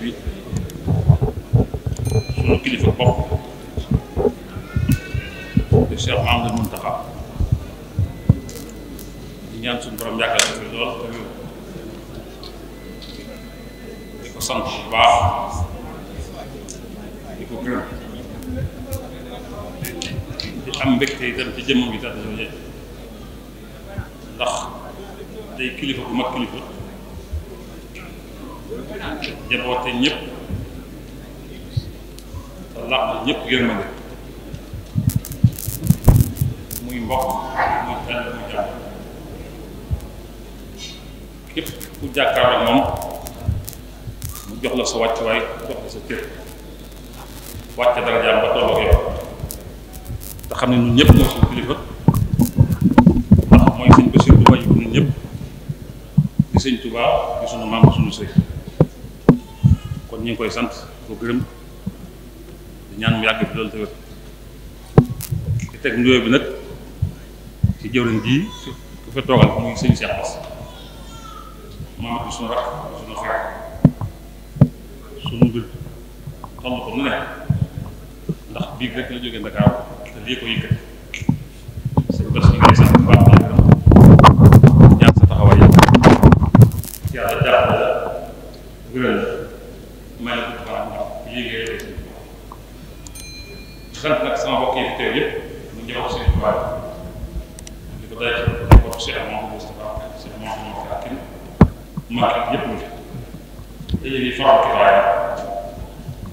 bi sunu kilifa bopp di Cheikh Mamadou Mountakha di ñaan suñu borom yàggal ko lool di ko sant baax di ko gërëm di am mbégte itam ci jëmm bi tax ndax day kilifa bu mag kilifa jaboote ñëpp te làqal ñëpp yërmande muy mbokk muy tànn muy jàmm képp ku jàkkaar ak moom mu jox la sa wàccuwaay jox la sa cër wàcce dara jàmm ba tolloo ak te xam ne ñun ñëpp mooy suñu kilifa ndax mooy sëñ Basiru du bàyyi ñun ñëpp di sëñ Tuubaa di suñu maam suñu sëy kon ñu ngi koy sant ko gërëm di ñaan mu yàgg fi loolu te wér di teg nuyoo bi nag ci jëwriñ ji ku fa toogal muy sëñ Cheikh Bass moom it suñu rakk suñu xarit suñu mbir la jógee Dakar te jàpp la wéral sant nag sama mbokk yi teew yëpp ñu ngi seen ki waaye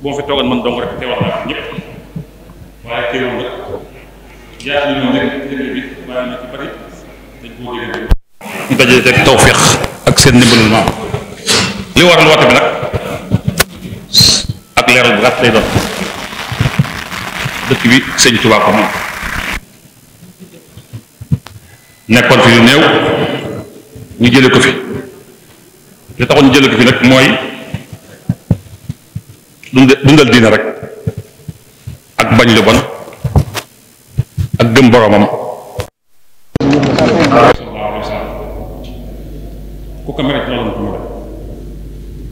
boo fi toogoon man dong rek teewal naa ñëpp waaye teewul nag yaatu ñu njëriñ njëriñ bi waaye ñu ci bari dañ koo jëlee. ñu daje teg tawféex ak seen ndimbalul maam li waral woote bi nag ak leeral bu gàtt lay doon. dëkk bi sëñ Tuubaa moom nekkoon fi lu ñu jële ko fi li taxoon ñu jële ko fi nag mooy dundal diina rek ak bañ lu bon ak gëm boromam ku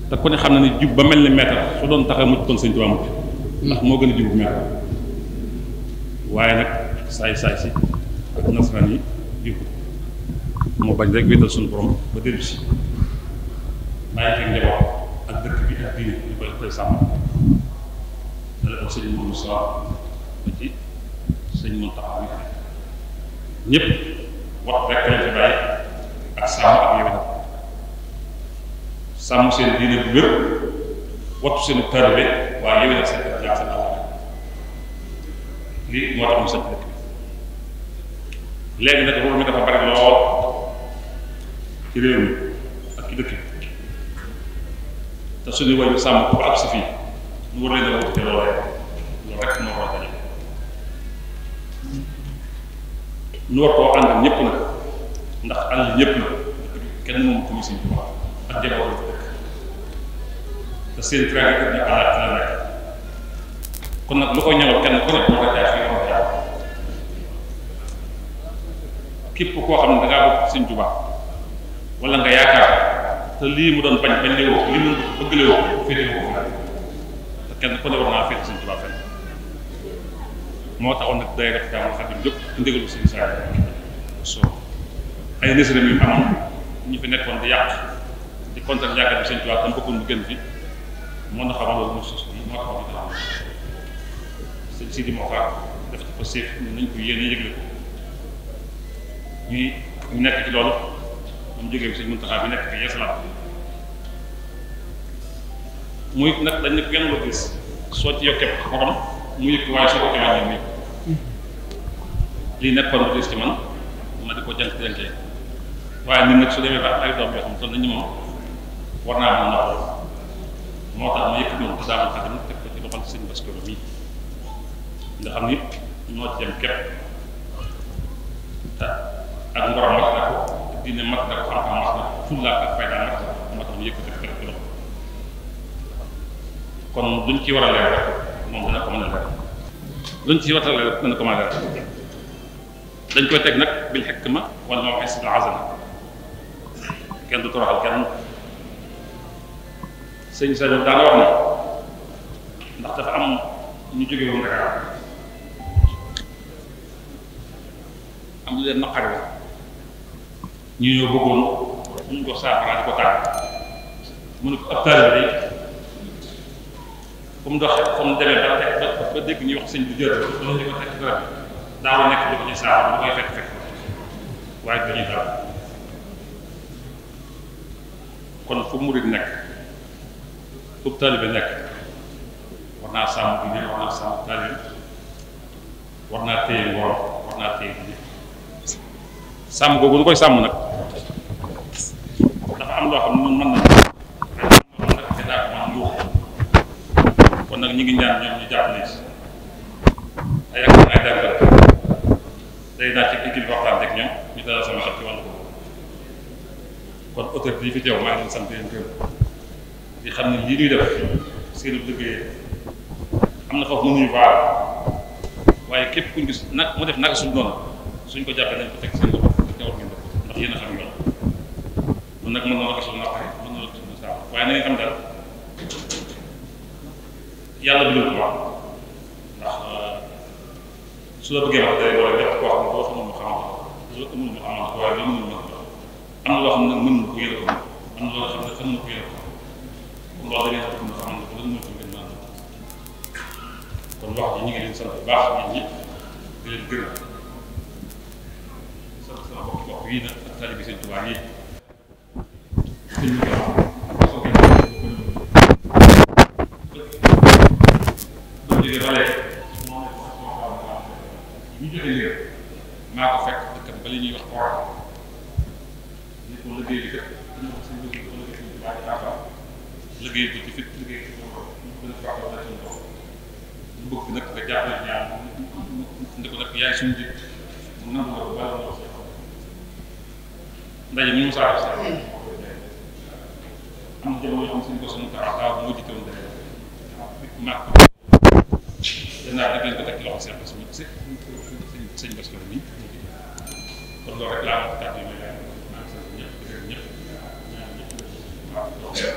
te ku xam na ne jub ba mel ni meetar su doon tax a kon sëñ Tuubaa mucc ndax moo gën a jub meetar waaye nag saay-saay si ak nasaraan yi jiw moo bañ rek wéetal suñu borom ba déllu si bàyyi fi njaboot ak dëkk bi ak diine ñu sàmm dala ak sëñ Moussa ba ci sëñ Mountakha bi ak sàmm ak yow sàmm seen diine bu wér wattu seen taalibe waaye yow nag seen ak jaaxal lii moo tax mu sëkk dëkk bi léegi nag ci réew mi ak ci dëkk te suñu wayu sàmm ko ab si fii mu war leen dala wute loolu loolu rek moo war koo ànd ñëpp nag ndax àll ñëpp la kenn moom ko mu siñ ak jëlawal dëkk te seen traité kon nag lu ko ñëwal kenn ku nekk war a jaar fi nga war a jaar képp koo xam ne da ngaa bëgg Sëñ Tuubaa wala nga yaakaar te lii mu doon bañ bañ léewoo li mu bëgg léewoo féete woo te kenn ku ne war naa féete Sëñ Tuubaa fenn moo taxoon nag day rek daawul Xaadim jóg ci ndigalu Sëñ Saa soo ay nisra yu amoon ñu fi nekkoon di yàq di kontaan yaakaar bi Sëñ Tuubaa tam bëggoon mu gën fi moo na xamal loolu moo sos moo taxaw sëñ Sidi Mokhtar def ci positif nañ ko yéene yëgle ko ñuy ñu nekk ci loolu moom jógee bi sëñ Muntaxa bi nekk fi yeesalaat muy nag dañ ne ko gën a gis soo ci yokkee xorom mu yëg waaye soo ko xamee ñoom waaye ñun nag su demee ba ay doom yoo xam toll nañu moom war naa mën a moo tax ma yëpp ñoom te daanaka tamit teg ko ci loxol sëñ Bass Thioung mii nga xam ni noo ci dem ak ngorom mat na ko diine mat na ko xam-xam mat na ko fullaak ak fayda mat na ko moo tax mu yëkkati ko lool ci war a leer rek ko mën a leer luñ ci war a leer dina ko mën a leer dañ koy teg nag bil xikma wala ma kenn du toroxal kenn sëñ Sadio daana wax na ndax am ñu jóge woon Dakar lu leen naqari la ñu ñëw bëggoon ñu ko saafara di ko taal mu ne ko ab taal bi day comme dox comme demee ba teg ba dégg ñuy wax sëñ ko teg garab nekk di ko ci saafara bu fekk fekk waaye dañuy daal kon fu murid nekk fu taalibe nekk war naa sàmm bi war naa sàmm taalibe war naa téye ngor war naa téye sàmm googu du koy sàmm nag dafa am loo xam ne mën na kon nag ñu ngi ñaan ñoom ñu jàpp ne ci ay ak ay jàngal day naaj ci kii bi waxtaan rek ñoom ñu dalal sama xel ci wàllu boobu kon autorité yi fi teew maa ngi leen sant leen gërëm di xam ne lii ñuy def seen liggéey am na foofu mënuñu baal waaye képp kuñ gis nag mu def naka suñu noonu suñ ko jàppee nañ ko teg seen bopp yéen a xam yoon mun nag mën na la xasul naa pare mën na la tudd saa waaye na nga xam daal yàlla bi ko wax ndax euh, su la bëggee wax day boole def koo xam boo xamul mu xamal loo amul mu xamal ko waaye loo mënul mën ko am na loo xam ne mën na ko yële ko am na loo xam ne xam na ko yële ko kon loolu da ngay xam ne xamal na ko lan mooy tamit naan kon wax ji ñu ngi leen sant bu baax ñun ñëpp di leen gërëm sant sama bokk bokk yi nag taalibe Sëñ Tuubaa yi maa ko fekk dëkkam ba li ñuy wax or ni ko liggéey bi kat dañu wax sëñ bi ko liggéey bi baax baax liggéey bi ci fit liggéey bi ko gën a faax la suñu bopp ñu bëgg nag nga jàppale ñaar ne ko nag yaay suñu jit mu nangu la ko bala ndaje ñu Moussa Diagne am na jamono yoo xam suñ ko sonn te ab daaw moo jëkkoon def naag dinaa rek lañ ko teg loxo seen bés mi sëñ sëñ bés ko nii kon loolu rek laa wax kàddu yi may ñëpp ñëpp waaw